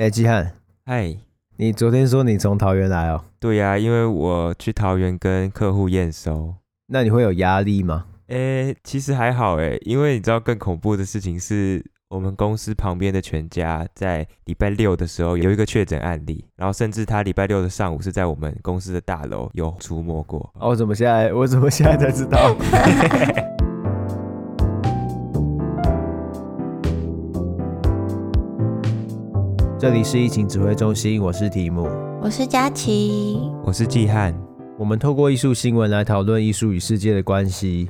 哎、欸，季漢，嗨，你昨天說你從桃園來哦、喔？對呀、啊，因為我去桃園跟客戶驗收。那你會有壓力嗎？哎、欸，其實還好哎、欸，因為你知道更恐怖的事情是，我們公司旁邊的全家在禮拜六的時候有一個確診案例，然後甚至他禮拜六的上午是在我們公司的大樓有出沒過。哦，我怎麼現在，我怎麼現在才知道？ 這裡是疫情指揮中心，我是提姆，我是佳琪，我是季漢。我們透過藝術新聞來討論藝術與世界的關係。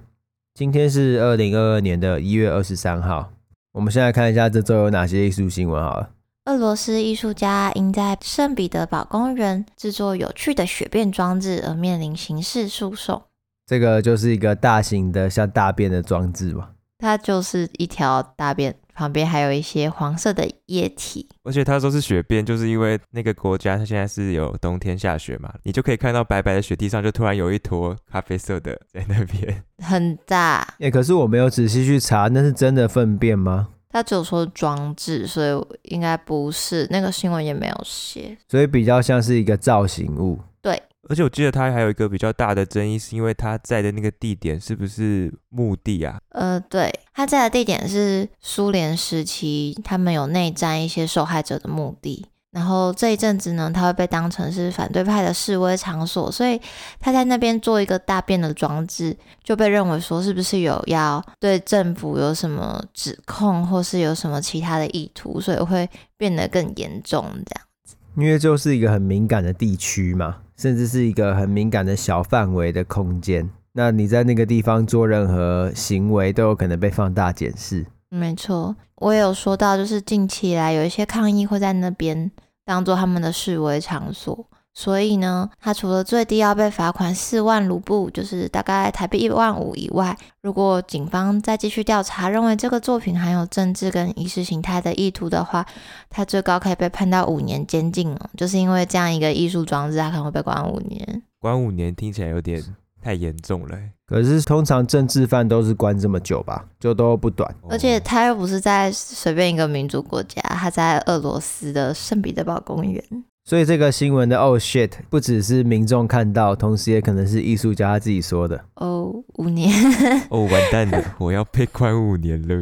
今天是二零二二年的一月二十三號，我們先來看一下這週有哪些藝術新聞好了。俄羅斯藝術家因在聖彼得堡公園製作有趣的雪便裝置而面臨刑事訴訟。這個就是一個大型的像大便的裝置吧，它就是一條大便。旁邊還有一些黃色的液體，而且他說是雪便，就是因為那個國家它現在是有冬天下雪嘛，你就可以看到白白的雪地上就突然有一坨咖啡色的在那邊，很大。哎、欸，可是我沒有仔細去查，那是真的糞便嗎？他只有說裝置，所以應該不是。那個新聞也沒有寫，所以比較像是一個造型物。而且我記得他還有一個比較大的爭議，是因為他在的那個地點是不是墓地啊？呃，對，他在的地點是蘇聯時期他們有內戰一些受害者的目的墓地。然後這一陣子呢，他會被當成是反對派的示威場所，所以他在那邊做一個大便的裝置，就被認為說是不是有要對政府有什麼指控，或是有什麼其他的意圖，所以會變得更嚴重這樣子。因為就是一個很敏感的地區嘛。甚至是一個很敏感的小範圍的空間，那你在那個地方做任何行為都有可能被放大檢視。沒錯，我也有說到，就是近期來有一些抗議會在那邊當做他們的示威場所。所以呢，他除了最低要被罰款四萬盧布，就是大概台幣一萬五以外，如果警方再繼續調查，認為這個作品含有政治跟意識形態的意圖的話，他最高可以被判到五年監禁哦。就是因為這樣一個藝術裝置，他可能會被關五年。關五年聽起來有點太嚴重了欸。可是通常政治犯都是關這麼久吧，就都不短。而且他又不是在隨便一個民族國家，他在俄羅斯的聖彼得堡公園。所以這個新聞的哦、oh、shit 不只是民眾看到，同時也可能是藝術家他自己說的。哦、oh,，五年。哦、 oh,，完蛋了，我要被關五年了。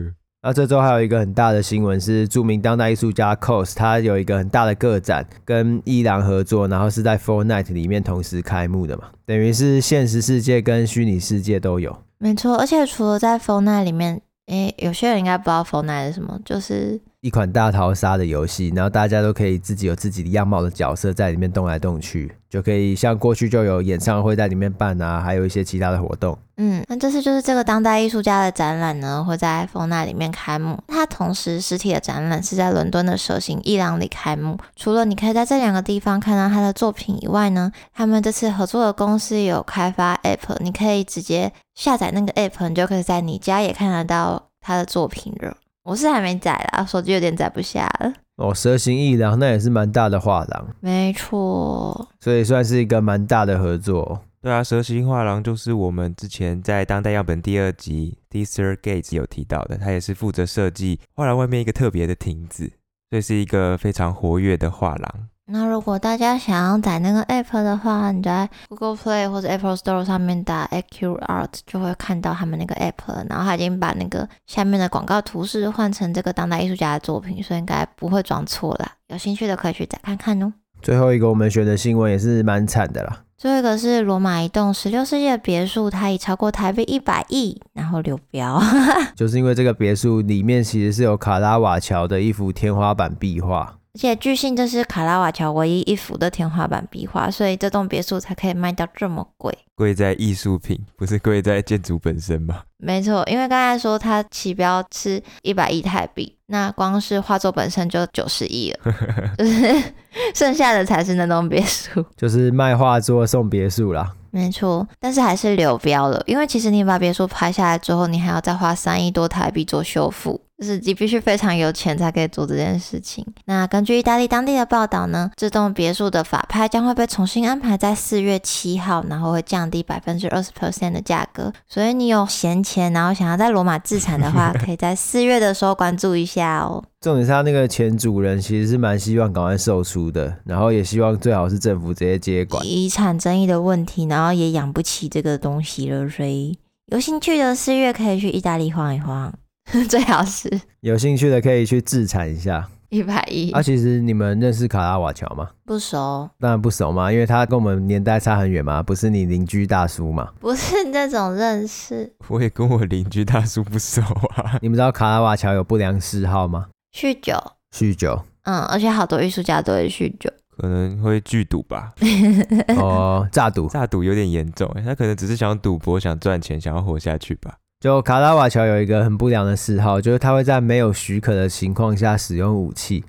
那這周還有一個很大的新聞是，著名當代藝術家 KAWS 他有一個很大的個展，跟伊朗合作，然後是在 Fortnite 裡面同時開幕的嘛，等於是現實世界跟虛擬世界都有。沒錯，而且除了在 Fortnite 裡面，誒、欸，有些人應該不知道 Fortnite 是什麼，就是。一款大逃殺的遊戲，然後大家都可以自己有自己的樣貌的角色在裡面動來動去，就可以像過去就有演唱會在裡面辦啊，還有一些其他的活動。嗯，那這次就是這個當代藝術家的展覽呢，會在 Fortnite 裡面開幕。它同時實體的展覽是在倫敦的蛇形藝廊裡開幕。除了你可以在這兩個地方看到他的作品以外呢，他們這次合作的公司有開發 App，你可以直接下載那個 App，你就可以在你家也看得到他的作品了。我是還沒載啦，手機有點載不下了。哦，蛇形藝廊那也是蠻大的畫廊，沒錯，所以算是一個蠻大的合作。對啊，蛇形畫廊就是我們之前在《當代樣本》第二集、第三集有提到的，它也是負責設計畫廊外面一個特別的亭子，所以是一個非常活躍的畫廊。那如果大家想要載那個 app 的話，你在 Google Play 或者 Apple Store 上面打 A Q Art，就會看到他們那個 app 了。然後他已經把那個下面的廣告圖示換成這個當代藝術家的作品，所以應該不會裝錯了。有興趣的可以去載看看哦。最後一個我們選的新聞也是蠻慘的啦。最後一個是羅馬一棟十六世紀的別墅，它已超過台幣一百億，然後流標。 就是因為這個別墅裡面其實是有卡拉瓦喬的一幅天花板壁畫。且據信這是卡拉瓦喬唯一一幅的天花板壁畫，所以這棟別墅才可以賣到這麼貴。貴在藝術品，不是貴在建築本身嗎？沒錯，因為剛才說它起標是一百億台幣，那光是畫作本身就九十億了， 就是剩下的才是那棟別墅，就是賣畫作送別墅啦。沒錯，但是還是留標了，因為其實你把別墅拍下來之後，你還要再花三億多台幣做修復。就是你必須非常有錢才可以做這件事情。那根據意大利當地的報道呢，這棟別墅的法拍將會被重新安排在四月七號，然後會降低百分之二十 percent 的價格。所以你有閒錢，然後想要在羅馬置產的話，可以在四月的時候關注一下哦、喔。 重點是，他那個前主人其實是蠻希望趕快售出的，然後也希望最好是政府直接接管遺產爭議的問題，然後也養不起這個東西了。所以有興趣的四月可以去意大利晃一晃。 最好是有興趣的可以去自殘一下一百一。啊，其實你們認識卡拉瓦喬嗎？不熟，當然不熟嘛，因為他跟我們年代差很遠嘛，不是你鄰居大叔嘛？不是那種認識。我也跟我鄰居大叔不熟啊。你們知道卡拉瓦喬有不良嗜好嗎？酗酒。酗酒。嗯，而且好多藝術家都會酗酒。可能會聚賭吧？ 哦，詐賭，詐賭有點嚴重、欸。他可能只是想賭博，想賺錢，想要活下去吧。就卡拉瓦喬有一個很不良的嗜好，就是他會在沒有許可的情況下使用武器，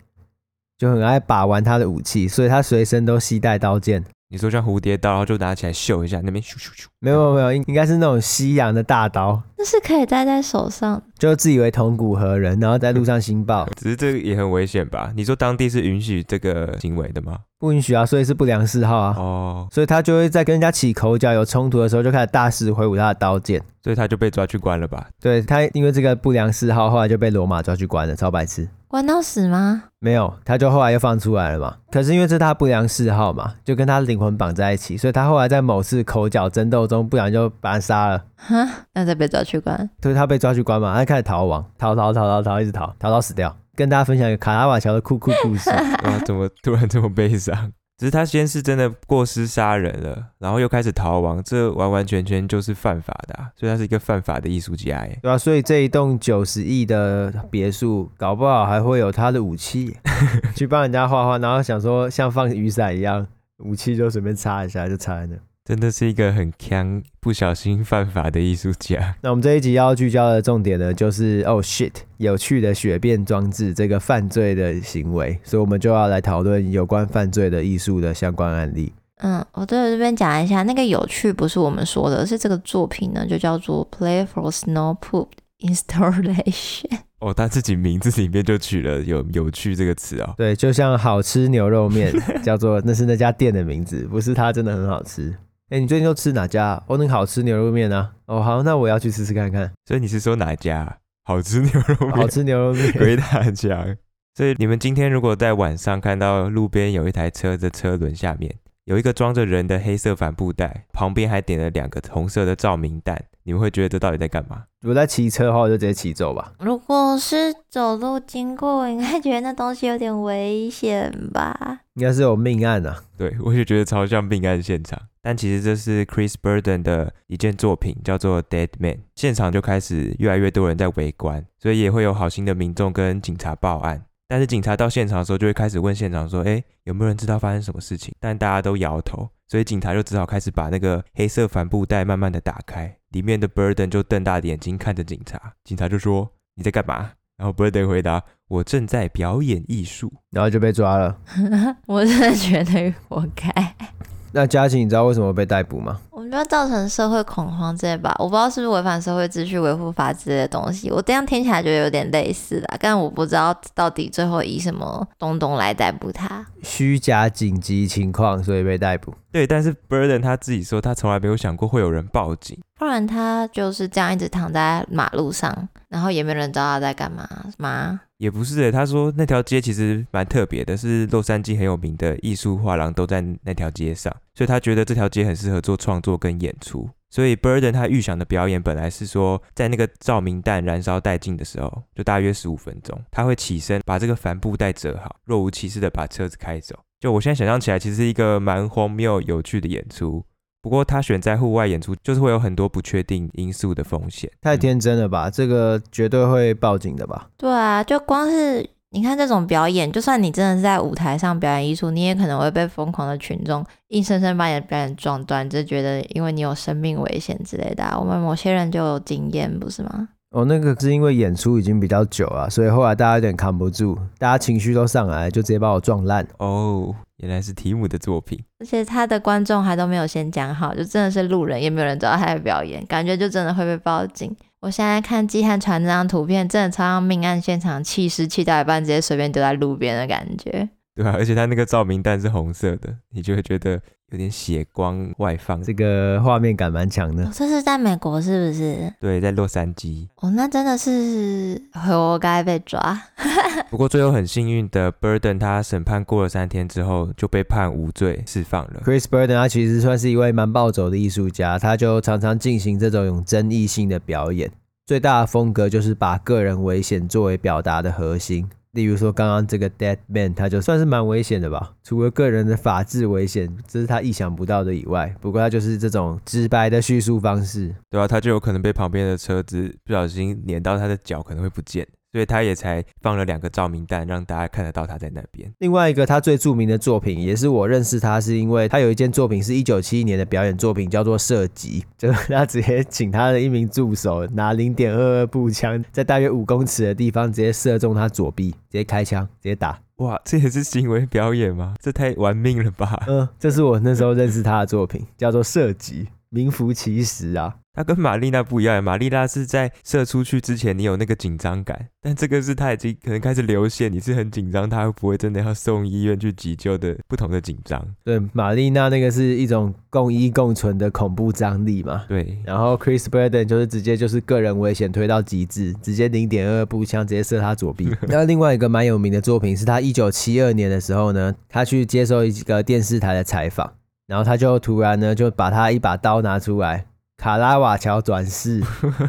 就很愛把玩他的武器，所以他隨身都攜帶刀劍。你說像蝴蝶刀，然後就拿起來秀一下，那邊咻咻咻，沒有沒有沒有，應該是那種西洋的大刀，那是可以戴在手上。就自以為同鼓何人，然後在路上行暴，只是這個也很危險吧？你說當地是允許這個行為的嗎？不允許啊，所以是不良嗜好啊。哦、Oh，所以他就會在跟人家起口角、有衝突的時候，就開始大肆揮舞他的刀劍，所以他就被抓去關了吧？對，他因為這個不良嗜好，後來就被羅馬抓去關了，超白痴。關到死嗎？沒有，他就後來又放出來了嘛。可是因為這是他不良嗜好嘛，就跟他靈魂綁在一起，所以他後來在某次口角爭鬥中，不然就把他殺了。哈，那再被抓去關，就是他被抓去關嘛，他開始逃亡，逃逃逃逃逃，一直逃，逃到死掉，跟大家分享一個卡拉瓦喬的酷酷故事 哇，怎麼突然這麼悲傷？只是他先是真的過失殺人了，然後又開始逃亡，這完完全全就是犯法的，啊，所以他是一個犯法的藝術家耶，對吧，啊？所以這一棟九十億的別墅，搞不好還會有他的武器， 去幫人家畫畫，然後想說像放雨傘一樣，武器就隨便插一下，就插在那。真的是一個很強不小心犯法的藝術家。那我們這一集要聚焦的重點呢，就是哦、oh、shit 有趣的雪便裝置這個犯罪的行為，所以我們就要來討論有關犯罪的藝術的相關案例。嗯，我、哦、對，我這邊講一下，那個有趣不是我們說的，是這個作品呢，就叫做 Playful Snow Poop Installation。哦，他自己名字裡面就取了有有趣這個詞哦。對，就像好吃牛肉麵叫做 那是那家店的名字，不是它真的很好吃。哎、欸，你最近都吃哪家、啊？哦，那個好吃牛肉麵啊。哦，好，那我要去試試看看。所以你是說哪家好吃牛肉麵？好吃牛肉麵，鬼大家。所以你們今天如果在晚上看到路邊有一台車的車輪下面，有一個裝着人的黑色帆布袋，旁邊還點了兩個紅色的照明彈。你們會覺得這到底在幹嘛？如果在騎車的話，我就直接騎走吧。如果是走路經過，我應該覺得那東西有點危險吧？應該是有命案啊。對，我也覺得超像命案現場。但其實這是 Chris Burden 的一件作品，叫做 Dead Man。現場就開始越來越多人在圍觀，所以也會有好心的民眾跟警察報案。但是警察到現場的時候，就會開始問現場說：“哎，有沒有人知道發生什麼事情？”但大家都搖頭。所以警察就只好開始把那個黑色帆布袋慢慢的打開，裡面的 Burden 就瞪大眼睛看着警察。警察就說：“你在幹嘛？”然後 Burden 回答：“我正在表演藝術。”然後就被抓了。 我真的覺得活該。 那嘉晴，你知道為什麼被逮捕嗎？我們要造成社會恐慌這些吧，我不知道是不是違反社會秩序維護法之類的東西。我這樣聽起來覺得有點類似啦，但我不知道到底最後以什麼東東來逮捕他。虛假緊急情況，所以被逮捕。對，但是 Burden 他自己說，他從來沒有想過會有人報警。不然他就是這樣一直躺在馬路上，然後也沒人知道他在幹嘛嗎？也不是的，他說那條街其實蠻特別的，是洛杉磯很有名的藝術畫廊都在那條街上，所以他覺得這條街很適合做創作跟演出。所以，Burden 他預想的表演本來是說，在那個照明彈燃燒殆盡的時候，就大約十五分鐘，他會起身把這個帆布袋折好，若無其事的把車子開走。就我現在想象起來，其實是一個蠻荒謬有趣的演出。不過，他選在戶外演出，就是會有很多不確定因素的風險、嗯。太天真了吧？這個絕對會報警的吧？對啊，就光是。你看這種表演，就算你真的是在舞台上表演藝術，你也可能會被瘋狂的群眾硬生生把你的表演撞斷，就覺得因為你有生命危險之類的啊。我們某些人就有經驗，不是嗎？哦，那個是因為演出已經比較久了，所以後來大家有點扛不住，大家情緒都上來，就直接把我撞爛。哦，原來是提姆的作品，而且他的觀眾還都沒有先講好，就真的是路人，也沒有人知道他在表演，感覺就真的會被報警。我現在看《雞漢傳這張圖片，真的超像命案現場，棄屍棄掉一半，直接隨便丟在路邊的感覺。對啊，而且他那個照明彈是紅色的，你就會覺得。有點血光外放，這個畫面感蠻強的。哦，這是在美國是不是？對，在洛杉磯。哦，那真的是活該被抓。 不過最後很幸運的，Burden 他審判過了三天之後就被判無罪釋放了。Chris Burden 他其實算是一位蠻暴走的藝術家，他就常常進行這種有爭議性的表演，最大的風格就是把個人危險作為表達的核心。例如說，剛剛這個 Deadman，他就算是蠻危險的吧？除了個人的法制危險，這是他意想不到的以外，不過他就是這種直白的敘述方式，對啊，他就有可能被旁邊的車子不小心碾到他的腳，可能會不見。所以他也才放了兩個照明彈，讓大家看得到他在那邊。另外一個他最著名的作品，也是我認識他是因為他有一件作品是1971年的表演作品，叫做《射擊》，就是他直接請他的一名助手拿0.22步槍，在大約五公尺的地方直接射中他左臂，直接開槍，直接打。哇，這也是行為表演嗎？這太玩命了吧！嗯，這是我那時候認識他的作品， 叫做《射擊》。名副其實啊！他跟瑪麗娜不一樣，瑪麗娜是在射出去之前你有那個緊張感，但這個是她已經可能開始流血，你是很緊張，他不會真的要送醫院去急救的不同的緊張。對，瑪麗娜那個是一種共依共存的恐怖張力嘛。對，然後 Chris Burden 就是直接就是個人危險推到極致，直接零點二步槍直接射他左臂。 那另外一個蠻有名的作品是他一九七二年的時候呢，他去接受一個電視台的採訪。然後他就突然呢，就把他一把刀拿出來，卡拉瓦喬轉世，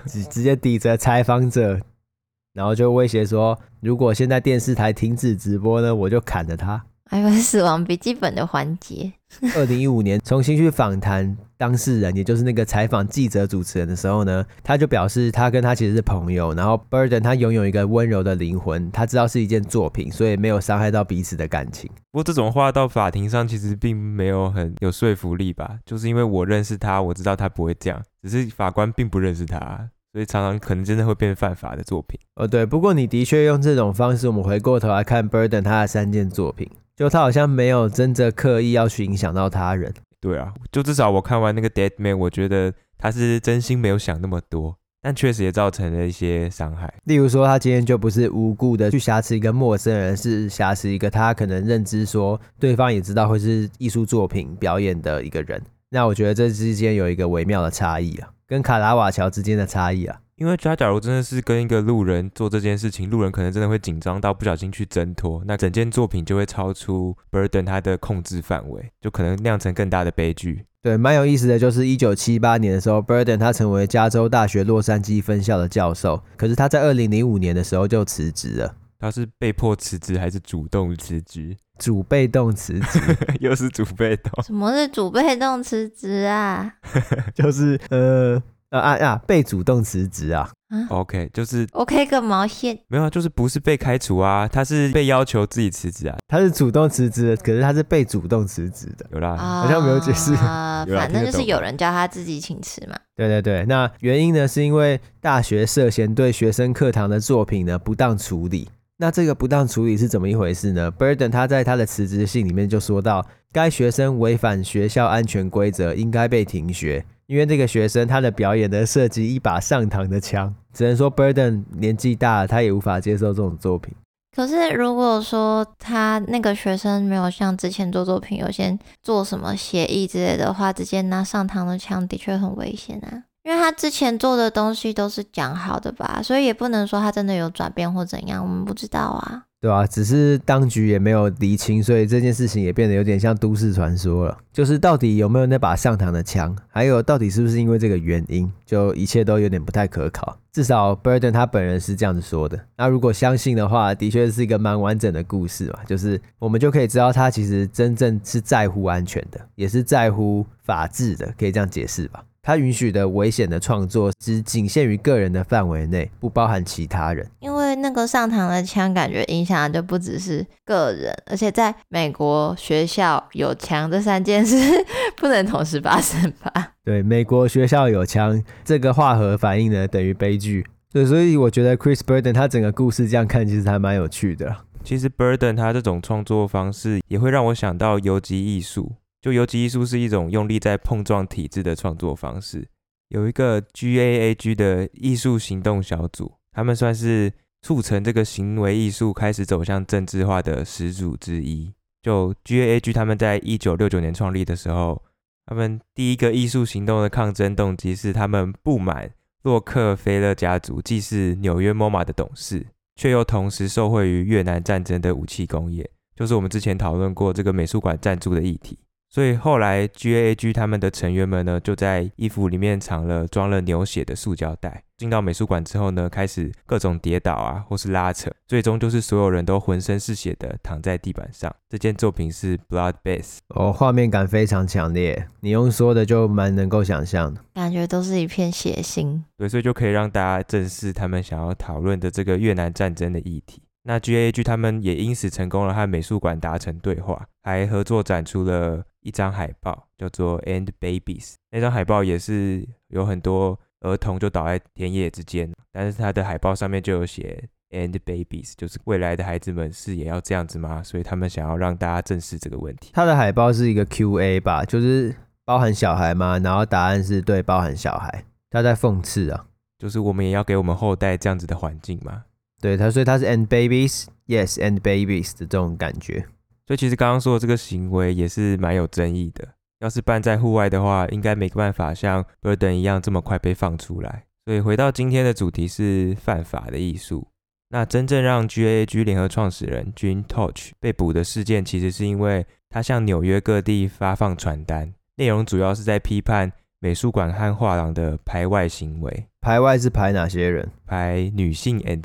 直直接抵着採訪者， 然後就威脅說：如果現在電視台停止直播呢，我就砍了他。還有死亡筆記本的環節，二零一五年重新去訪談。當事人，也就是那個採訪記者、主持人的時候呢，他就表示他跟他其實是朋友。然後，Burden 他擁有一個溫柔的靈魂，他知道是一件作品，所以沒有傷害到彼此的感情。不過，這種話到法庭上其實並沒有很有說服力吧？就是因為我認識他，我知道他不會這樣。只是法官並不認識他，所以常常可能真的會變犯法的作品。哦，對。不過，你的確用這種方式，我們回過頭來看 Burden 他的三件作品，就他好像沒有真的刻意要去影響到他人。對啊，就至少我看完那個《Dead Man》，我覺得他是真心沒有想那麼多，但確實也造成了一些傷害。例如說，他今天就不是無故的去挾持一個陌生人，是挾持一個他可能認知說對方也知道會是藝術作品表演的一個人。那我覺得這之間有一個微妙的差異啊，跟卡拉瓦喬之間的差異啊，因為他假，假如真的是跟一個路人做這件事情，路人可能真的會緊張到不小心去掙脫，那整件作品就會超出 Burden 他的控制範圍，就可能釀成更大的悲劇。對，蠻有意思的就是一九七八年的時候，Burden 他成為加州大學洛杉磯分校的教授，可是他在二零零五年的時候就辭職了。他是被迫辭職還是主動辭職？主被動辭職， 又是主被動。什麼是主被動辭職啊？ 就是呃，呃啊啊，被主動辭職啊。啊、o、okay, k 就是 OK 個毛線？沒有，就是不是被開除啊，他是被要求自己辭職啊，他是主動辭職，可是他是被主動辭職的。有啦，oh, 好像沒有解釋啊、uh。 反正就是有人叫他自己請辭嘛。對對對，那原因呢，是因為大學涉嫌對學生課堂的作品呢不當處理。那這個不當處理是怎麼一回事呢？Burden 他在他的辭職信裡面就說到，該學生違反學校安全規則，應該被停學，因為這個學生他的表演呢涉及一把上膛的槍，只能說 Burden 年紀大了，他也無法接受這種作品。可是如果說他那個學生沒有像之前做作品，有先做什麼協議之類的話，直接拿上膛的槍，的確很危險啊。因為他之前做的東西都是講好的吧，所以也不能說他真的有轉變或怎樣，我們不知道啊。對啊，只是當局也沒有釐清，所以這件事情也變得有點像都市傳說了。就是到底有沒有那把上膛的槍，還有到底是不是因為這個原因，就一切都有點不太可靠。至少 Burden 他本人是這樣子說的。那如果相信的話，的確是一個蠻完整的故事嘛。就是我們就可以知道他其實真正是在乎安全的，也是在乎法治的，可以這樣解釋吧。他允許的危險的創作只僅限於個人的範圍內，不包含其他人。因為那個上膛的槍，感覺影響的就不只是個人，而且在美國學校有槍，這三件事不能同時發生吧？對，美國學校有槍這個化合反應呢，等於悲劇。對，所以我覺得 Chris Burden 他整個故事這樣看，其實還蠻有趣的。其實 Burden 他這種創作方式，也會讓我想到游擊藝術。就游擊藝術是一種用力在碰撞體制的創作方式。有一個 G A A G 的藝術行動小組，他們算是促成這個行為藝術開始走向政治化的始祖之一。就 G A A G 他們在一九六九年創立的時候，他們第一個藝術行動的抗爭動機是他們不滿洛克菲勒家族既是紐約 MoMA 的董事，却又同時受惠於越南戰爭的武器工業，就是我們之前討論過這個美術館贊助的議題。所以後來，GAAG 他們的成員們呢，就在衣服裡面藏了裝了牛血的塑膠袋。進到美術館之後呢，開始各種跌倒啊，或是拉扯，最終就是所有人都渾身是血的躺在地板上。這件作品是 Blood Bath 哦，畫面感非常強烈，你用說的就蠻能夠想象的，感覺都是一片血腥。對，所以就可以讓大家正視他們想要討論的這個越南戰爭的議題。那 GAAG 他們也因此成功了和美術館達成對話，還合作展出了。一張海報叫做《And Babies》，那張海報也是有很多兒童就倒在田野之間，但是它的海報上面就有寫《And Babies》，就是未來的孩子們是也要這樣子嗎？所以他們想要讓大家正視這個問題。他的海報是一個 Q&A 吧，就是包含小孩嗎？然後答案是對，包含小孩。他在諷刺啊，就是我們也要給我們後代這樣子的環境嗎？對，他所以他是《And Babies》，Yes，《And Babies》的這種感覺。所以其實剛剛說的這個行為也是蠻有爭議的。要是辦在戶外的話，應該沒辦法像 Burden 一樣這麼快被放出來。所以回到今天的主題是犯法的藝術。那真正讓 GAAG 聯合創始人 Jean Toche 被捕的事件，其實是因為他向紐約各地發放傳單，內容主要是在批判美術館和畫廊的排外行為。排外是排哪些人？排女性 and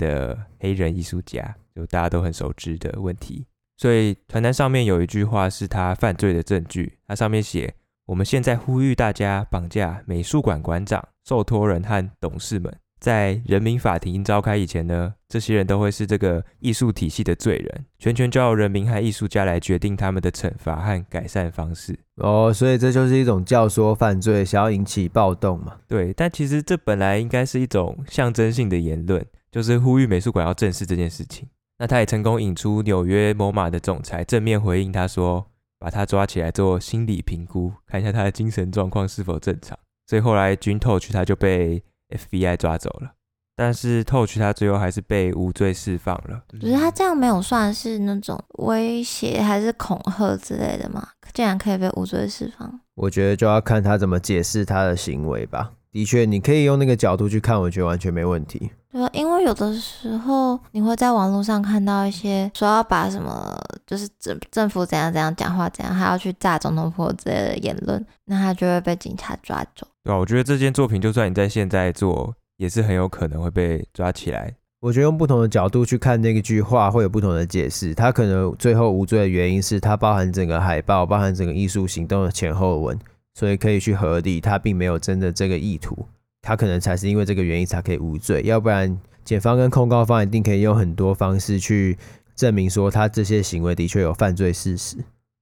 黑人藝術家，就大家都很熟知的問題。所以，傳單上面有一句話是他犯罪的證據。它上面寫：“我們現在呼籲大家綁架美術館館長、受托人和董事們，在人民法庭召開以前呢，這些人都會是這個藝術體系的罪人，全權交由人民和藝術家來決定他們的懲罰和改善方式。”哦，所以這就是一種教唆犯罪，想要引起暴動嘛？對，但其實這本來應該是一種象徵性的言論，就是呼籲美術館要正視這件事情。那他也成功引出紐約 MoMA 的總裁正面回應，他說：“把他抓起來做心理評估，看一下他的精神狀況是否正常。”所以後來 Jean Toche，他就被 FBI 抓走了。但是 Toche，他最後還是被無罪釋放了。只、嗯、是他這樣沒有算是那種威脅還是恐嚇之類的嗎？竟然可以被無罪釋放？我覺得就要看他怎麼解釋他的行為吧。的確，你可以用那個角度去看，我覺得完全沒問題。因為有的時候你會在網絡上看到一些說要把什麼，就是政政府怎樣怎樣講話，怎樣還要去炸總統府之類的言論，那他就會被警察抓走。對啊，我覺得這件作品，就算你在現在做，也是很有可能會被抓起來。我覺得用不同的角度去看那個句話，會有不同的解釋。他可能最後無罪的原因是，他包含整個海報，包含整個藝術行動的前後文，所以可以去合理，他並沒有真的這個意圖。他可能才是因為這個原因才可以無罪，要不然檢方跟控告方一定可以用很多方式去證明說他這些行為的確有犯罪事實。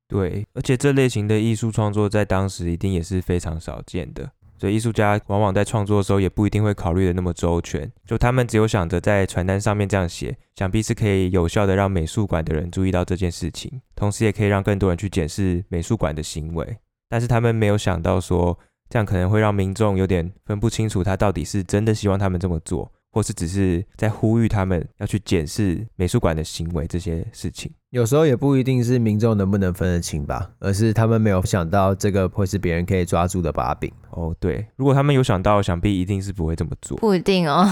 對，而且這類型的藝術創作在當時一定也是非常少見的，所以藝術家往往在創作的時候也不一定會考慮得那麼周全，就他們只有想着在傳單上面這樣寫，想必是可以有效地讓美術館的人注意到這件事情，同時也可以讓更多人去檢視美術館的行為，但是他們沒有想到說。這樣可能會讓民眾有點分不清楚，他到底是真的希望他們這麼做，或是只是在呼籲他們要去檢視美術館的行為這些事情。有時候也不一定是民眾能不能分得清吧，而是他們沒有想到這個會是別人可以抓住的把柄。哦，對，如果他們有想到，想必一定是不會這麼做。不一定哦。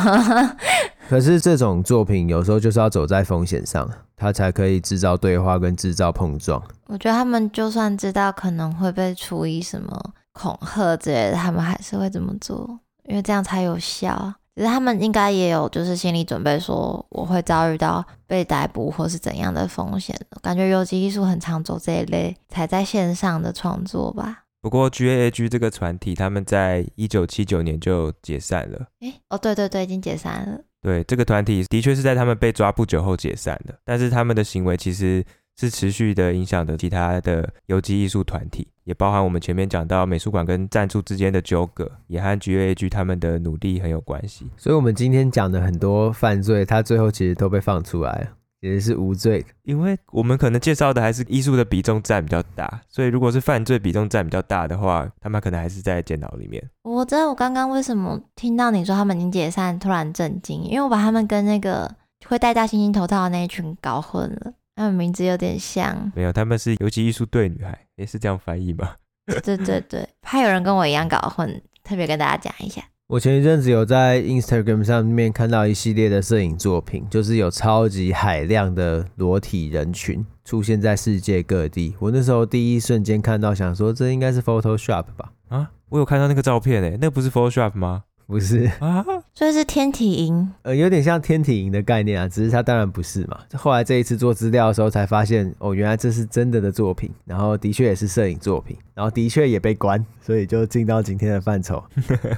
可是這種作品有時候就是要走在風險上，它才可以制造對話跟製造碰撞。我覺得他們就算知道可能會被處以什麼。恐嚇之類的，他們還是會這麼做？因為這樣才有效。其實他們應該也有就是心理準備，說我會遭遇到被逮捕或是怎樣的風險。感覺游擊藝術很常走這一類，才在線上的創作吧。不過 GAAG 這個團體，他們在一九七九年就解散了。誒、欸，哦、oh,，對對對，已經解散了。對，這個團體的確是在他們被抓不久後解散的。但是他們的行為其實，是持續的影響的其他的游擊藝術團體，也包含我們前面講到美術館跟贊助之間的糾葛，也和 GAAG 他們的努力很有關係。所以，我們今天講的很多犯罪，他最後其實都被放出來了，也是無罪的。因為我們可能介紹的還是藝術的比重占比較大，所以如果是犯罪比重占比較大的話，他們可能還是在監牢裡面。我知道我剛剛為什麼聽到你說他們已經解散，突然震驚，因為我把他們跟那個會戴大猩猩頭套的那一群搞混了。他、啊、們名字有點像，沒有，他們是遊擊藝術隊女孩，也、欸、是這樣翻譯嗎？ 對對對，怕有人跟我一樣搞混，特別跟大家講一下。我前一陣子有在 Instagram 上面看到一系列的攝影作品，就是有超級海量的裸體人群出現在世界各地。我那時候第一瞬間看到，想說這應該是 Photoshop 吧？啊？我有看到那個照片、欸，哎，那不是 Photoshop 嗎？不是啊，所以是天體營，呃，有點像天體營的概念啊，只是他當然不是嘛。後來這一次做資料的時候才發現，哦，原來這是真的的作品，然後的確也是攝影作品，然後的確也被關，所以就進到今天的範疇。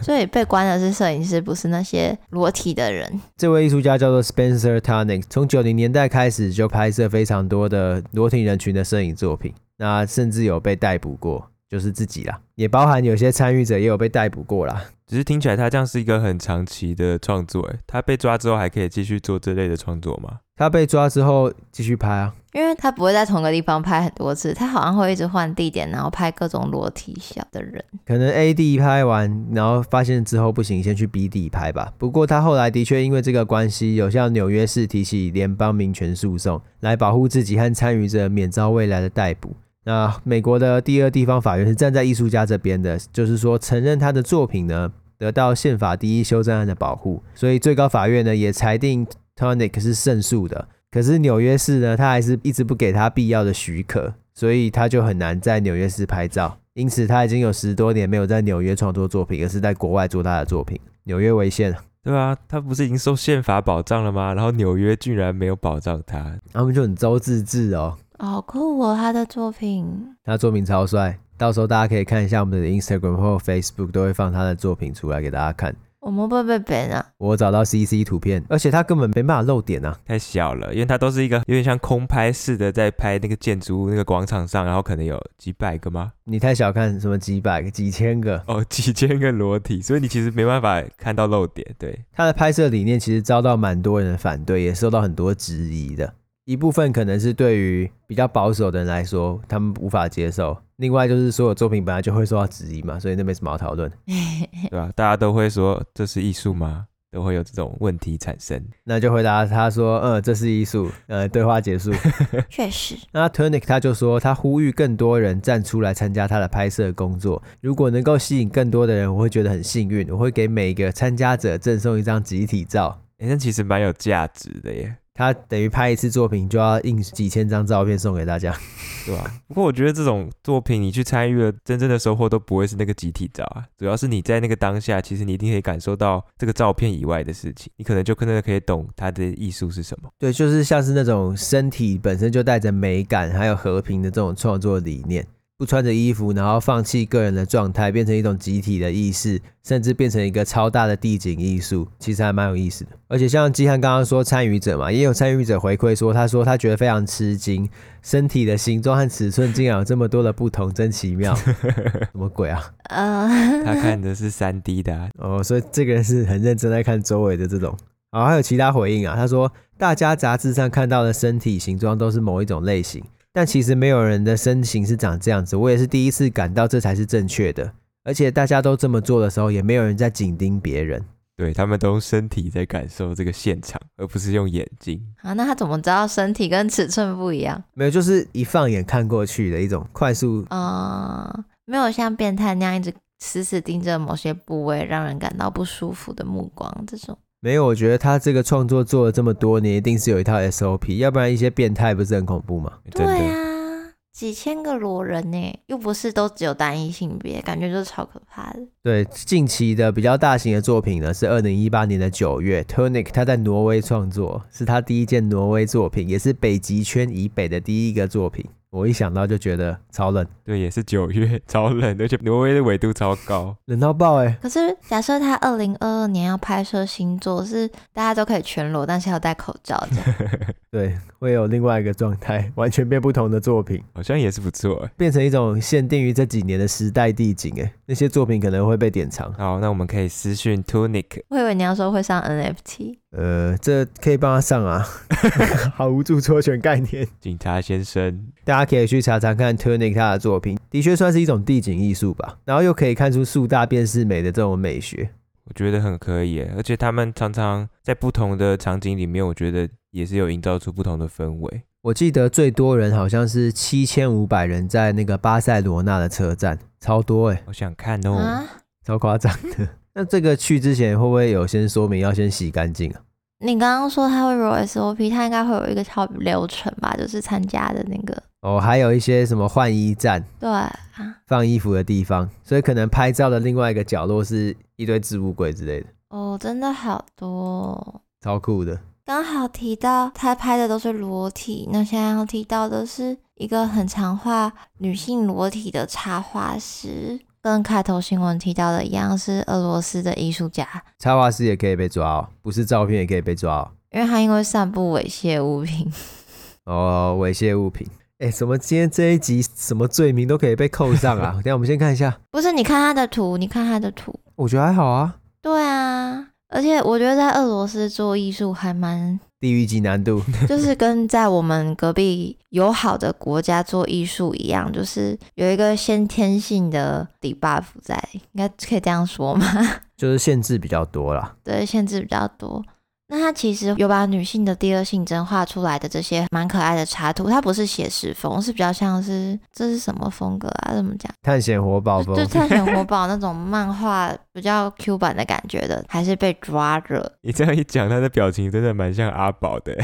所以被關的是攝影師，不是那些裸體的人。 這位藝術家叫做 Spencer Tunick，從九零年代開始就拍攝非常多的裸體人群的攝影作品，那甚至有被逮捕過，就是自己啦，也包含有些參與者也有被逮捕過啦。只是聽起來，他這樣是一個很長期的創作。哎，他被抓之後還可以繼續做這類的創作嗎？他被抓之後繼續拍啊，因為他不會在同個地方拍很多次，他好像會一直換地點，然後拍各種裸體小的人。可能 A 地拍完，然後發現之後不行，先去 B 地拍吧。不過他後來的確因為這個關係，有向紐約市提起聯邦民權訴訟，來保護自己和參與者免遭未來的逮捕。那美國的第二地方法院是站在藝術家這邊的，就是說承認他的作品呢。得到憲法第一修正案的保護，所以最高法院呢也裁定 Tunick 是勝訴的。可是紐約市呢，他還是一直不給他必要的許可，所以他就很難在紐約市拍照。因此，他已經有十多年沒有在紐約創作作品，而是在國外做他的作品。紐約違憲。對啊，他不是已經受憲法保障了嗎？然後紐約居然沒有保障他，他們就很州自治哦，好酷哦，他的作品，他作品超帥。到時候大家可以看一下我們的 Instagram 或 Facebook 都會放他的作品出來給大家看。我們會不會被扁啊！我找到 CC 圖片，而且他根本沒辦法露點啊，太小了，因為他都是一個有點像空拍似的，在拍那個建築物那個廣場上，然後可能有幾百個嗎？你太小看什麼幾百個、幾千個哦，幾千個裸體，所以你其實沒辦法看到露點。對，他的拍攝理念其實遭到蠻多人的反對，也受到很多質疑的。一部分可能是對於比較保守的人來說，他們無法接受；另外就是所有作品本來就會受到質疑嘛，所以那沒什麼好討論，對吧、啊？大家都會說這是藝術嗎？都會有這種問題產生。那就回答他說，呃、嗯，這是藝術。呃、嗯，對話結束。確實。那 Tunick 他就說，他呼籲更多人站出來參加他的拍攝工作。如果能夠吸引更多的人，我會覺得很幸運。我會給每一個參加者贈送一張集體照。哎、欸，那其實蠻有價值的耶。他等於拍一次作品就要印幾千張照片送給大家，對吧、啊？不過我覺得這種作品你去參與了，真正的收穫都不會是那個集體照啊，主要是你在那個當下，其實你一定可以感受到這個照片以外的事情，你可能就可能可以懂他的藝術是什麼。對，就是像是那種身體本身就帶着美感還有和平的這種創作理念。不穿着衣服，然後放棄個人的狀態，變成一種集體的意識，甚至變成一個超大的地景藝術，其實還蠻有意思的。而且像基漢剛剛說，參與者嘛，也有參與者回饋說，他說他覺得非常吃驚，身體的形狀和尺寸竟然有這麼多的不同， 真奇妙。什麼鬼啊？他看的是三 D 的啊。哦，所以這個人是很認真在看周圍的這種。啊，還有其他回應啊？他說，大家雜誌上看到的身體形狀都是某一種類型。但其實沒有人的身形是長這樣子，我也是第一次感到這才是正確的。而且大家都這麼做的時候，也沒有人在緊盯別人，對，他們都用身體在感受這個現場，而不是用眼睛。啊，那他怎麼知道身體跟尺寸不一樣？沒有，就是一放眼看過去的一種快速啊，嗯，沒有像變態那樣一直死死盯着某些部位，讓人感到不舒服的目光這種。沒有，我覺得他這個創作做了這麼多年，一定是有一套 SOP，要不然一些變態不是很恐怖嗎？對啊，幾千個裸人呢，又不是都只有單一性別，感覺就是超可怕的。對，近期的比較大型的作品呢，是二零一八年的九月，Tunick 他在挪威創作，是他第一件挪威作品，也是北極圈以北的第一個作品。我一想到就覺得超冷，對，也是九月，超冷，而且挪威的緯度超高，冷到爆哎、欸。可是假設他二零二二年要拍攝新作是大家都可以全裸，但是要戴口罩的， 對，會有另外一個狀態，完全變不同的作品，好像也是不錯哎、欸，變成一種限定於這幾年的時代地景哎、欸，那些作品可能會被典藏。好，那我們可以私訊 Tunick。我以為你要說會上 NFT。呃，這可以幫他上啊，好 無助，錯全概念。警察先生，大家可以去查查看 Tunick 他的作品，的確算是一種地景藝術吧。然後又可以看出“數大便是美”的這種美學，我覺得很可以。而且他們常常在不同的場景裡面，我覺得也是有營造出不同的氛圍。我記得最多人好像是七千五百人在那個巴塞羅那的車站，超多哎，我想看哦，啊、超誇張的。那這個去之前會不會有先說明要先洗乾淨啊？你剛剛說他會有 S O P，他應該會有一個超流程吧？就是參加的那個哦，還有一些什麼換衣站，對啊，放衣服的地方，所以可能拍照的另外一個角落是一堆置物櫃之類的。哦、oh,，真的好多，超酷的。剛好提到他拍的都是裸體，那現在要提到的是一個很常畫女性裸體的插畫師。跟開頭新聞提到的一樣，是俄羅斯的藝術家，插畫師也可以被抓哦、喔。不是照片也可以被抓哦、喔，因為他因為散布猥褻物品。 哦，猥褻物品。哎、欸，怎麼今天這一集什麼罪名都可以被扣上啊？ 等一下我們先看一下。不是，你看他的圖，你看他的圖。我覺得還好啊。對啊，而且我覺得在俄羅斯做藝術還蠻。地獄級難度， 就是跟在我們隔壁友好的國家做藝術一樣，就是有一個先天性的 debuff 在，應該可以這樣說嗎？就是限制比較多啦，對，限制比較多。那他其實有把女性的第二性徵畫出來的這些蠻可愛的插圖，它不是寫實風，是比較像是這是什麼風格啊？怎麼講？探險活寶風，就，就探險活寶那種漫畫比較 Q 版的感覺的，還是被抓着？ 你這樣一講，他的表情真的蠻像阿寶的，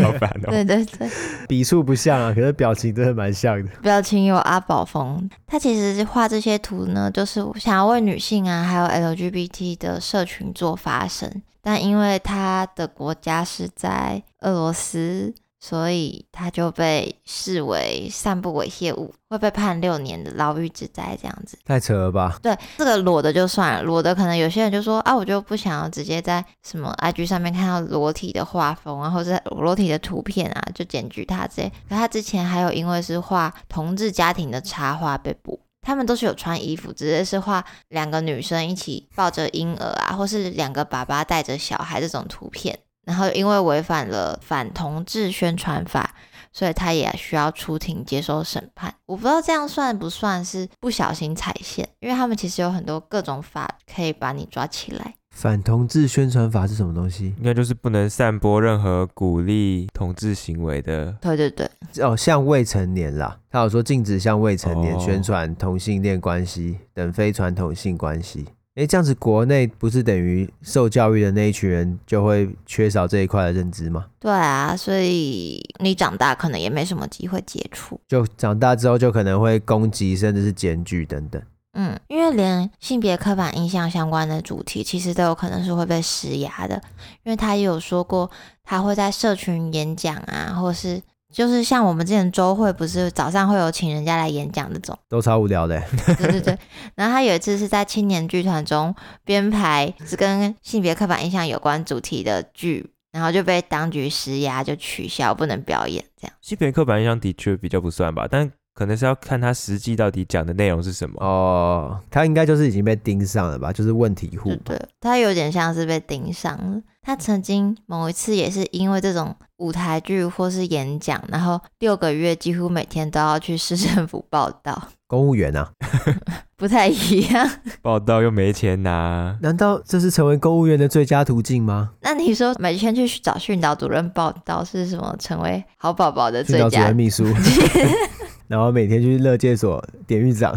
好煩哦。 對，對對對，筆觸不像啊，可是表情真的蠻像的。表情有阿寶風。他其實是畫這些圖呢，就是想要為女性啊，還有 LGBT 的社群做發聲。但因為他的國家是在俄羅斯，所以他就被視為散布猥褻物，會被判六年的牢獄之災這樣子。太扯了吧？對，這個裸的就算了，裸的可能有些人就說啊，我就不想要直接在什麼 IG 上面看到裸體的畫風啊，或者裸體的圖片啊，就檢舉他之類。可他之前還有因為是畫同志家庭的插畫被捕。他們都是有穿衣服，直接是畫兩個女生一起抱着嬰兒啊，或是兩個爸爸帶着小孩這種圖片，然後因為違反了反同志宣傳法，所以他也需要出庭接受審判。我不知道這樣算不算是不小心踩線，因為他們其實有很多各種法可以把你抓起來。反同志宣傳法是什麼東西？應該就是不能散播任何鼓勵同志行為的。對對對，哦，像未成年啦，他有說禁止向未成年宣傳同性戀關係，哦，等非傳統性關係。哎，欸，這樣子國內不是等於受教育的那一群人就會缺少這一塊的認知嗎？對啊，所以你長大可能也沒什麼機會接觸。就長大之後就可能會攻擊，甚至是檢舉等等。嗯，因為連性別刻板印象相關的主題，其實都有可能是會被施壓的。因為他也有說過，他會在社群演講啊，或是就是像我們之前週會，不是早上會有請人家來演講那種，都超無聊的欸。 對對對。然後他有一次是在青年劇團中編排是跟性別刻板印象有關主題的劇，然後就被當局施壓，就取消不能表演這樣。性別刻板印象的確比較不算吧，但。可能是要看他實際到底講的內容是什麼？哦，他應該就是已經被盯上了吧，就是問題戶。對，對，他有點像是被盯上了。他曾經某一次也是因為這種舞台劇或是演講，然後六個月幾乎每天都要去市政府報到。公務員啊？ 不太一樣。報到又沒錢拿啊，難道這是成為公務員的最佳途徑嗎？那你說每天去找訓導主任報到是什麼？成為好寶寶的最佳？訓導主任秘書。 然後每天去樂界所典獄長，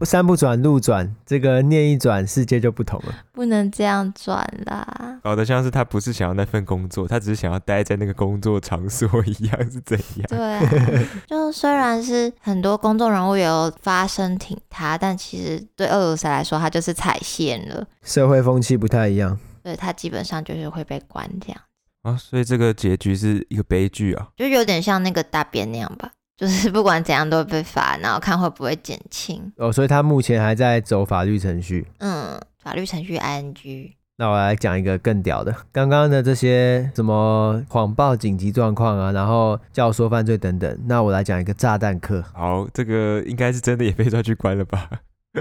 山 不轉路轉，這個念一轉，世界就不同了。不能這樣轉啦！搞得像是他不是想要那份工作，他只是想要待在那個工作場所一樣，是怎樣？對啊， 就雖然是很多公眾人物也有發聲挺他，但其實對俄羅斯來說，他就是踩線了。社會風氣不太一樣，對他基本上就是會被關這樣子啊。所以這個結局是一個悲劇啊，就有點像那個大便那樣吧。就是不管怎樣都會被罰，然後看會不會減輕。哦，所以他目前還在走法律程序。嗯，法律程序 ing。那我來講一個更屌的。剛剛的這些什麼謊報緊急狀況啊，然後教唆犯罪等等，那我來講一個炸彈客。好，這個應該是真的也被抓去關了吧？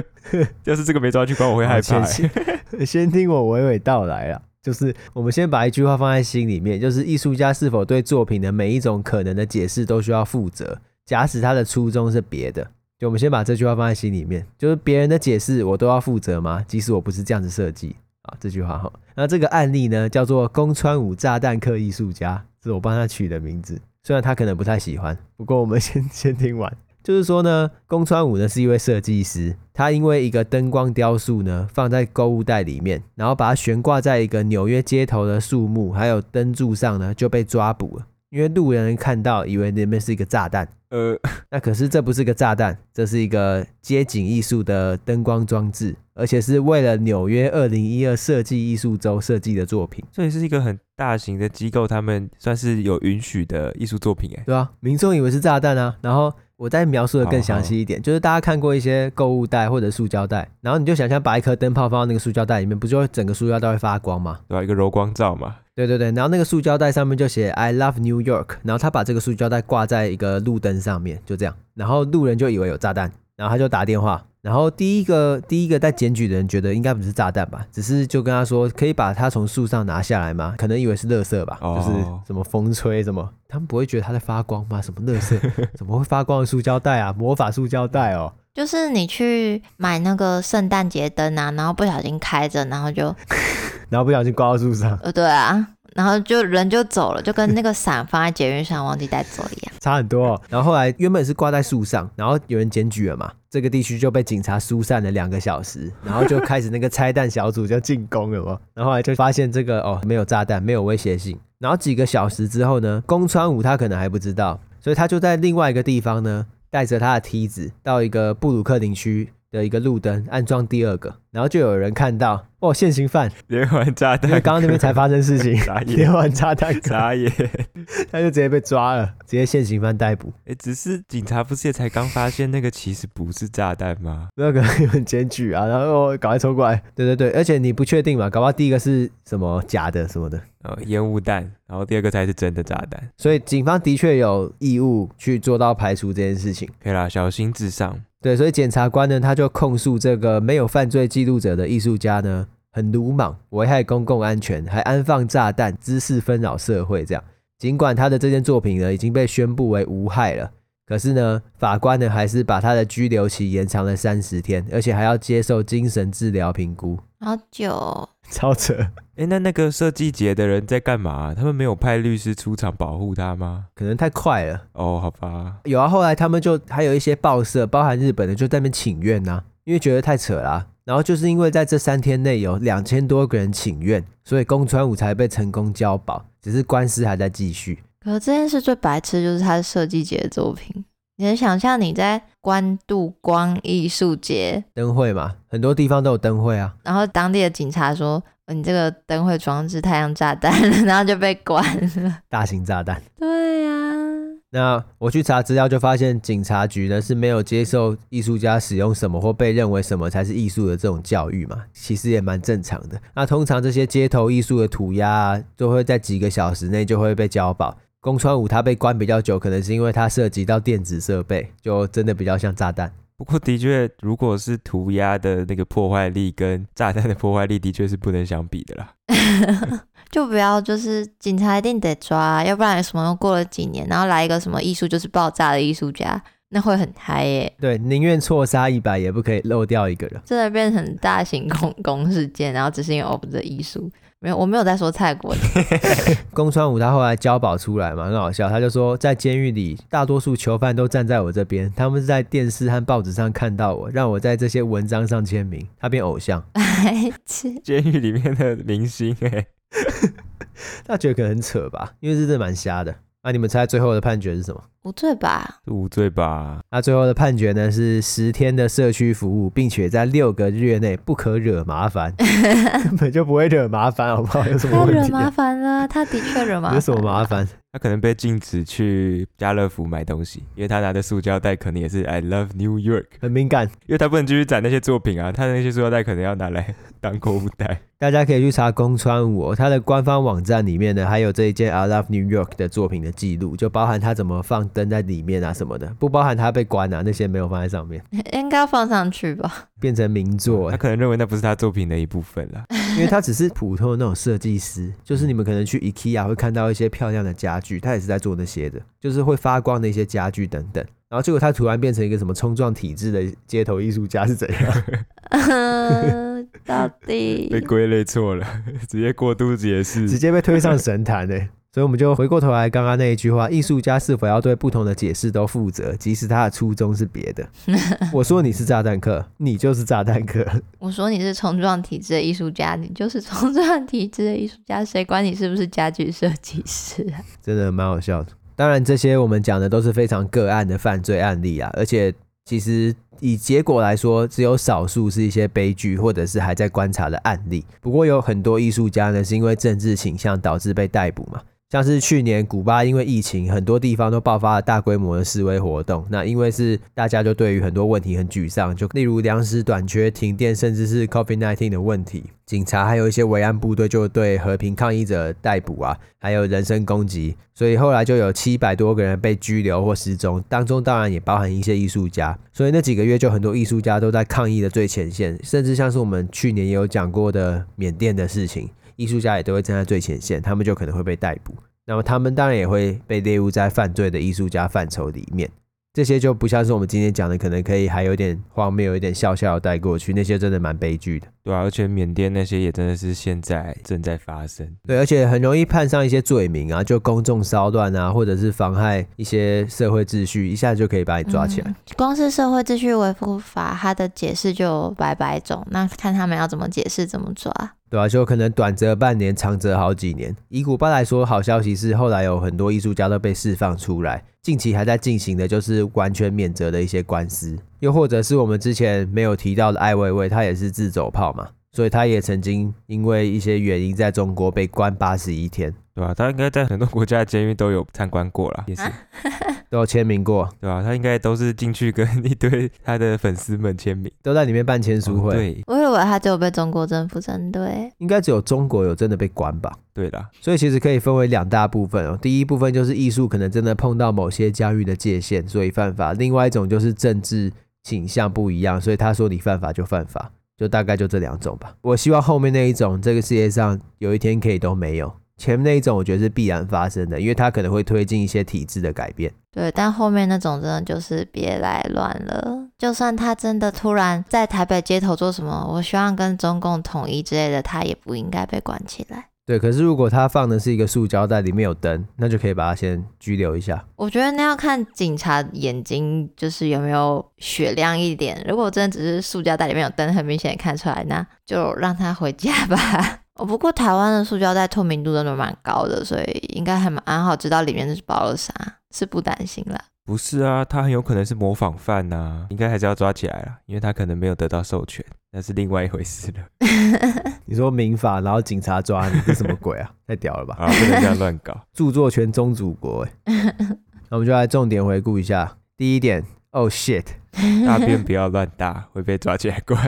要是這個沒抓去關，我會害怕先。 先聽我娓娓道來啊。就是我們先把一句話放在心裡面，就是藝術家是否對作品的每一種可能的解釋都需要負責？假使他的初衷是別的，就我們先把這句話放在心裡面，就是別人的解釋我都要負責嗎？即使我不是這樣子設計啊，這句話哈。那這個案例呢，叫做宮川武炸彈客藝術家，是我幫他取的名字，雖然他可能不太喜歡，不過我們先先聽完。就是說呢，宮川武呢是一位設計師，他因為一個燈光雕塑呢放在購物袋裡面，然後把它懸掛在一個紐約街頭的樹木還有燈柱上呢，就被抓捕了。因為路人看到以為那邊是一個炸彈，呃，那可是這不是一個炸彈，這是一個街景藝術的燈光裝置，而且是為了紐約二零一二設計藝術周設計的作品。所以是一個很大型的機構，他們算是有允許的藝術作品哎。對啊，民眾以為是炸彈啊。然後我再描述的更詳細一點好好，就是大家看過一些購物袋或者塑膠袋，然後你就想象把一顆燈泡放到那個塑膠袋裡面，不就會整個塑膠袋會發光嗎？對啊，一個柔光罩嘛。對對對，然後那個塑膠袋上面就寫 I love New York，然後他把這個塑膠袋掛在一個路燈上面，就這樣，然後路人就以為有炸彈，然後他就打電話，然後第一個第一個在檢舉的人覺得應該不是炸彈吧，只是就跟他說可以把它從樹上拿下來嗎？可能以為是垃圾吧，oh. 就是什麼風吹什麼，他們不會覺得它在發光嗎？什麼垃圾？ 怎麼會發光的塑膠袋啊？魔法塑膠袋哦。就是你去買那個聖誕節燈啊，然後不小心開着，然後就， 然後不小心掛到樹上。呃，對啊，然後就人就走了，就跟那個傘放在捷運上 忘記帶走一樣。差很多哦，然後後來原本是掛在樹上，然後有人檢舉了嘛，這個地區就被警察疏散了兩個小時，然後就開始那個拆彈小組就進攻了嘛。然後後來就發現這個哦，沒有炸彈，沒有威脅性。然後幾個小時之後呢，宮川武他可能還不知道，所以他就在另外一個地方呢。帶着他的梯子到一個布魯克林區。的一個路燈安裝第二個，然後就有人看到哦，現行犯連環炸彈，因為剛剛那邊才發生事情，連環炸彈炸野呵呵，他就直接被抓了，直接現行犯逮捕。哎、欸，只是警察不是也才剛發現那個其實不是炸彈嗎？那個呵呵很艱鉅啊，然後趕、哦、快衝過來。對對對，而且你不確定嘛，搞不好第一個是什麼假的什麼的啊，煙霧彈，然後第二個才是真的炸彈。所以警方的確有義務去做到排除這件事情。可以啦，小心至上。對，所以檢察官呢，他就控訴這個沒有犯罪記錄者的藝術家呢，很魯莽，危害公共安全，還安放炸彈，滋事紛擾社會。這樣，儘管他的這件作品呢已經被宣布為無害了，可是呢，法官呢還是把他的拘留期延長了三十天，而且還要接受精神治療評估。好久哦。超扯！哎，那那個設計節的人在幹嘛？他們沒有派律師出場保護他嗎？可能太快了。哦，好吧。有啊，後來他們就還有一些報社，包含日本的，就在那邊請願吶、啊，因為覺得太扯啦、啊，然後就是因為在這三天內有兩千多個人請願，所以宮川武才被成功交保，只是官司還在繼續。可是這件事最白痴就是他的設計節的作品。你能想象你在關渡光藝術節燈會嘛？很多地方都有燈會啊。然後當地的警察說：“你這個燈會裝置太陽炸彈”，然後就被關了。大型炸彈？對呀。那我去查資料就發現，警察局呢是沒有接受藝術家使用什麼或被認為什麼才是藝術的這種教育嘛？其實也蠻正常的。那通常這些街頭藝術的塗鴉啊，都會在幾個小時內就會被交保。宮川武他被關比較久，可能是因為他涉及到電子設備，就真的比較像炸彈。不過的確，如果是塗鴉的那個破壞力跟炸彈的破壞力，的確是不能相比的啦。 就不要，就是警察一定得抓，要不然有什麼都過了幾年，然後來一個什麼藝術就是爆炸的藝術家，那會很嗨耶。對，寧願錯殺一百，也不可以漏掉一個的。真的變成大型公共事件，然後只是因為我們 的藝術。沒有，我沒有在說泰國的。宮 川武他後來交保出來嘛，蠻很好笑。他就說，在監獄裡，大多數囚犯都站在我這邊，他們是在電視和報紙上看到我，讓我在這些文章上簽名。他變偶像，監 獄裡面的明星、欸、 他覺得可能很扯吧？因為這真的蠻瞎的。那你們猜最後的判決是什麼？無罪吧？是無罪吧？那最後的判決呢？是十天的社區服務，並且在六個月內不可惹麻煩， 根本就不會惹麻煩，好不好？有什麼問題啊？他惹麻煩啦。他的確惹麻煩。有什麼麻煩？他可能被禁止去家樂福買東西，因為他拿的塑膠袋可能也是 “I love New York”，很敏感。因為他不能繼續展那些作品啊，他那些塑膠袋可能要拿來當購物袋。大家可以去查宮川武哦，他的官方網站裡面呢，還有這一件 I Love New York 的作品的記錄，就包含他怎麼放燈在裡面啊什麼的，不包含他被關啊那些沒有放在上面，應該放上去吧，變成名作、嗯。他可能認為那不是他作品的一部分啦，因為他只是普通的那種設計師，就是你們可能去 IKEA 會看到一些漂亮的家具，他也是在做那些的，就是會發光的一些家具等等。然後結果他突然變成一個什麼衝撞體制的街頭藝術家是怎樣？到 底被歸類錯了，直接過度解釋，直接被推上神壇哎！所以我們就回過頭來，剛剛那一句話：藝術家是否要對不同的解釋都負責，即使他的初衷是別的？我說你是炸彈客，你就是炸彈客； 我說你是衝撞體制的藝術家，你就是衝撞體制的藝術家。誰管你是不是家具設計師啊？真的蠻好笑的。當然，這些我們講的都是非常個案的犯罪案例啊，而且其實以結果來說，只有少數是一些悲劇，或者是還在觀察的案例。不過，有很多藝術家呢，是因為政治傾向導致被逮捕嘛。像是去年，古巴因為疫情，很多地方都爆發了大規模的示威活動。那因為是大家就對於很多問題很沮喪，就例如糧食短缺、停電，甚至是 COVID-19 的問題。警察還有一些維安部隊就對和平抗議者逮捕啊，還有人身攻擊。所以後來就有七百多個人被拘留或失蹤，當中當然也包含一些藝術家。所以那幾個月就很多藝術家都在抗議的最前線，甚至像是我們去年也有講過的緬甸的事情。藝術家也都會站在最前線，他們就可能會被逮捕。那麼他們當然也會被列入在犯罪的藝術家範疇裡面。這些就不像是我們今天講的，可能可以還有點荒謬，有一點笑笑帶過去。那些真的蠻悲劇的。對啊，而且緬甸那些也真的是現在正在發生。對，而且很容易判上一些罪名啊，就公眾騷亂啊，或者是妨害一些社會秩序，一下子就可以把你抓起來。嗯，光是社會秩序維護法，它的解釋就百百種，那看他們要怎麼解釋，怎麼抓。對吧、啊？就可能短則半年，長則好幾年。以古巴來說，好消息是後來有很多藝術家都被釋放出來。近期還在進行的就是完全免責的一些官司，又或者是我們之前沒有提到的艾未未，他也是自走炮嘛，所以他也曾經因為一些原因在中國被關八十一天，對吧、啊？他應該在很多國家的監獄都有參觀過了，也是。都有簽名過，對吧、啊？他應該都是進去跟一堆他的粉絲們簽名，都在裡面辦簽書會，哦。對，我以為他就被中國政府針對，應該只有中國有真的被關吧？對的，所以其實可以分為兩大部分哦，喔。第一部分就是藝術可能真的碰到某些疆域的界限，所以犯法；另外一種就是政治傾向不一樣，所以他說你犯法就犯法，就大概就這兩種吧。我希望後面那一種，這個世界上有一天可以都沒有。前面那一種，我覺得是必然發生的，因為他可能會推進一些體制的改變。對，但後面那種真的就是別來亂了。就算他真的突然在台北街頭做什麼，我希望跟中共統一之類的，他也不應該被關起來。對，可是如果他放的是一個塑膠袋，裡面有燈，那就可以把他先拘留一下。我覺得那要看警察眼睛就是有沒有雪亮一點。如果真的只是塑膠袋裡面有燈，很明顯看出來，那就讓他回家吧。不過台灣的塑膠袋透明度真的蠻高的，所以應該還蠻好知道裡面是包了啥，是不擔心啦？不是啊，他很有可能是模仿犯吶、啊，應該還是要抓起來啊，因為他可能沒有得到授權，那是另外一回事了。 你說民法，然後警察抓你，這什麼鬼啊？ 太屌了吧？啊，不能這樣亂搞！ 著作權宗主國、欸，那 我們就來重點回顧一下。第一點，Oh shit，大便不要亂大， 會被抓起來關。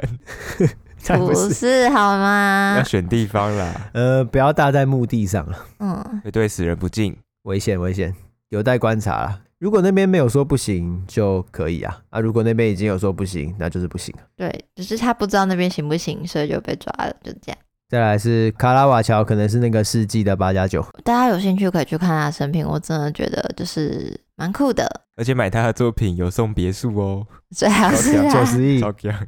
不是，不是，好嗎？ 要選地方啦。呃，不要搭在墓地上了，嗯，對死人不敬，危險危險，有待觀察啊，如果那邊沒有說不行就可以啊，啊，如果那邊已經有說不行，那就是不行。對，只是他不知道那邊行不行，所以就被抓了，就這樣。再來是卡拉瓦喬，可能是那個世紀的八加九。大家有興趣可以去看他的生平，我真的覺得就是蠻酷的。而且買他的作品有送別墅哦，最、 啊、 好是九十億，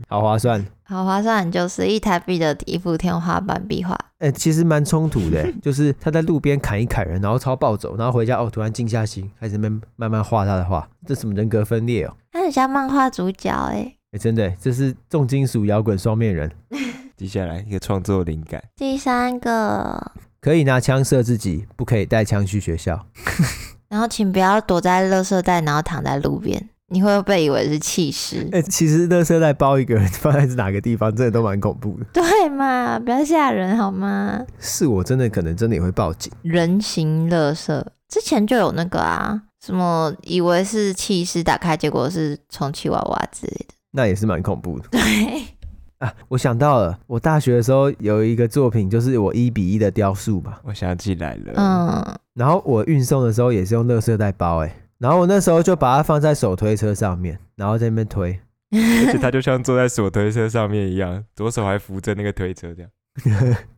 好划算，好划算！就是一台幣的一幅天花板壁畫。哎、欸，其實蠻衝突的， 就是他在路邊砍一砍人，然後超暴走，然後回家哦，突然靜下心，開始慢慢畫他的畫。這是什麼人格分裂哦？他很像漫畫主角哎哎、欸，真的，這是重金屬搖滾雙面人。 接下來一個創作靈感，第三個可以拿槍射自己，不可以帶槍去學校。 然後請不要躲在垃圾袋，然後躺在路邊，你會不會被以為是棄屍。欸，其實垃圾袋包一個人放在哪個地方，真的都蠻恐怖的。對嘛，不要嚇人好嗎？是我真的可能真的也會報警。人形垃圾之前就有那個啊，什麼以為是棄屍，打開，結果是充氣娃娃之類的，那也是蠻恐怖的。對。啊，我想到了，我大學的時候有一個作品，就是我一比一的雕塑吧，我想起來了，嗯，然後我運送的時候也是用垃圾袋包、欸，誒，然後我那時候就把它放在手推車上面，然後在那邊推，而且他就像坐在手推車上面一樣，左手還扶着那個推車這樣。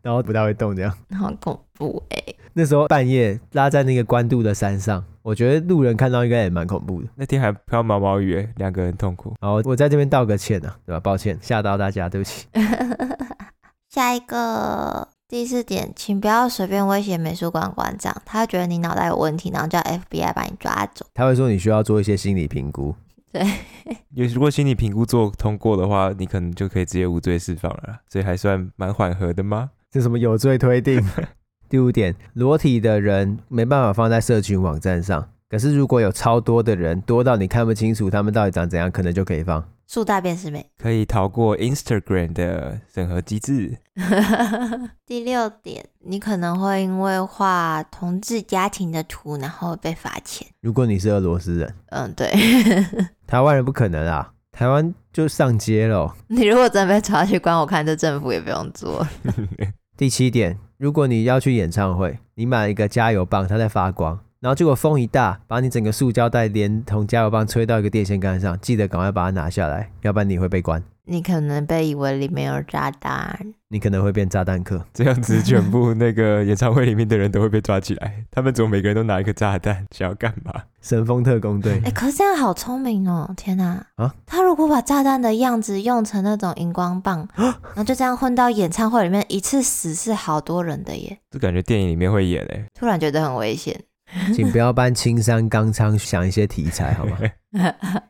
然 後不太會動，這樣好恐怖哎、欸！那時候半夜拉在那個關渡的山上，我覺得路人看到應該也蠻恐怖的。那天還飄毛毛雨哎、欸，兩個人痛苦。然後我在這邊道個歉啊，對吧、啊？抱歉嚇到大家，對不起。 下一個第四點，請不要隨便威脅美術館館長，他覺得你腦袋有問題，然後叫 FBI 把你抓走。他會說你需要做一些心理評估。對，有如果心理評估做通過的話，你可能就可以直接無罪釋放了，所以還算蠻緩和的嗎？這什麼有罪推定？ 第五點，裸體的人沒辦法放在社群網站上，可是如果有超多的人，多到你看不清楚他們到底長怎樣，可能就可以放。數大便是美可以逃過 Instagram 的審核機制。 第六點，你可能會因為畫同志家庭的圖，然後被罰錢。如果你是俄羅斯人，嗯，對， 台灣人不可能啊，台灣就上街嘍。 你如果真被抓去關，我看這政府也不用做。 第七點，如果你要去演唱會，你買一個加油棒，它在發光。然後結果風一大，把你整個塑膠袋連同加油棒吹到一個電線桿上，記得趕快把它拿下來，要不然你會被關。你可能被以為裡面有炸彈，你可能會變炸彈客。這樣子，全部那個演唱會裡面的人都會被抓起來， 他們怎麼每個人都拿一個炸彈，想要幹嘛？神風特攻隊？哎、欸，可是這樣好聰明哦，天哪、啊！啊，他如果把炸彈的樣子用成那種熒光棒， 然後就這樣混到演唱會裡面，一次死是好多人的耶。就感覺電影裡面會演嘞、欸、突然覺得很危險。請不要搬青山剛昌想一些題材，好嗎？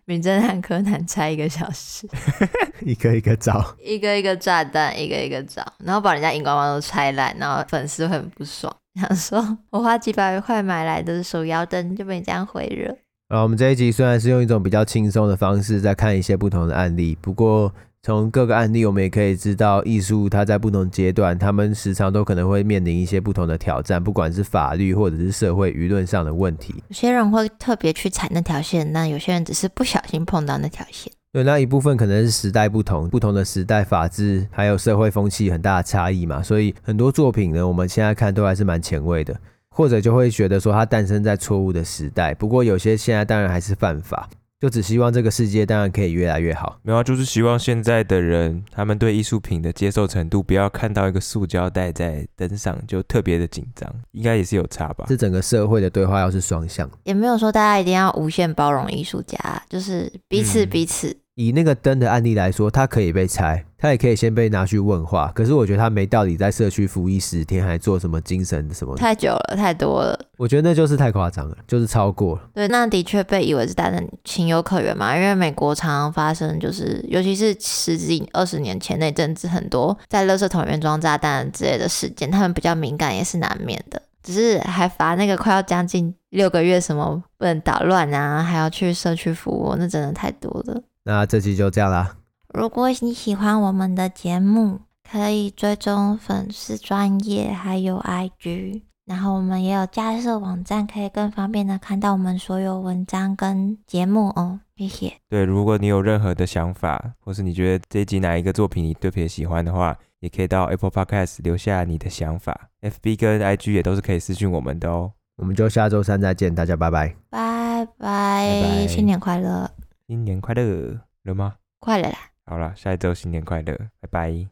名偵探柯南拆一個小時， 一個一個找，一個一個炸彈，一個一個找，然後把人家熒光棒都拆爛，然後粉絲很不爽，想說我花幾百塊買來的是手搖燈就被你這樣毀了。啊，我們這一集雖然是用一種比較輕鬆的方式在看一些不同的案例，不過。從各個案例，我們也可以知道，藝術它在不同階段，他們時常都可能會面臨一些不同的挑戰，不管是法律或者是社會輿論上的問題。有些人會特別去踩那條線，那有些人只是不小心碰到那條線。對，那一部分可能是時代不同，不同的時代法制還有社會風氣很大的差異嘛，所以很多作品呢，我們現在看都還是蠻前衛的，或者就會覺得說它誕生在錯誤的時代。不過有些現在當然還是犯法。就只希望這個世界當然可以越來越好，沒有啊，就是希望現在的人，他們對藝術品的接受程度，不要看到一個塑膠袋在燈上就特別的緊張。應該也是有差吧？這整個社會的對話要是雙向，也沒有說大家一定要無限包容藝術家，就是彼此彼此。嗯以那個燈的案例來說，它可以被拆，它也可以先被拿去問話。可是我覺得他沒道理在社區服役十天，還做什麼精神什麼的？太久了，太多了。我覺得那就是太誇張了，就是超過了。對，那的確被以為是炸彈，情有可原嘛。因為美國常常發生，就是尤其是十幾、二十年前那陣子，很多在垃圾桶裡面裝炸彈之類的事件，他們比較敏感也是難免的。只是還罰那個快要將近六個月，什麼不能搗亂啊，還要去社區服務，那真的太多了。那這期就這樣啦。如果你喜歡我們的節目，可以追蹤粉絲專業還有 IG，然後我們也有架設網站，可以更方便的看到我們所有文章跟節目哦。謝謝。對，如果你有任何的想法，或是你覺得這一集哪一個作品你特別喜歡的話，也可以到 Apple Podcast 留下你的想法。FB 跟 IG 也都是可以私訊我們的哦。我們就下週三再見，大家拜拜，拜拜，拜拜。新年快樂。新年快樂，了嗎？快了啦！好啦，下一周新年快樂，拜拜。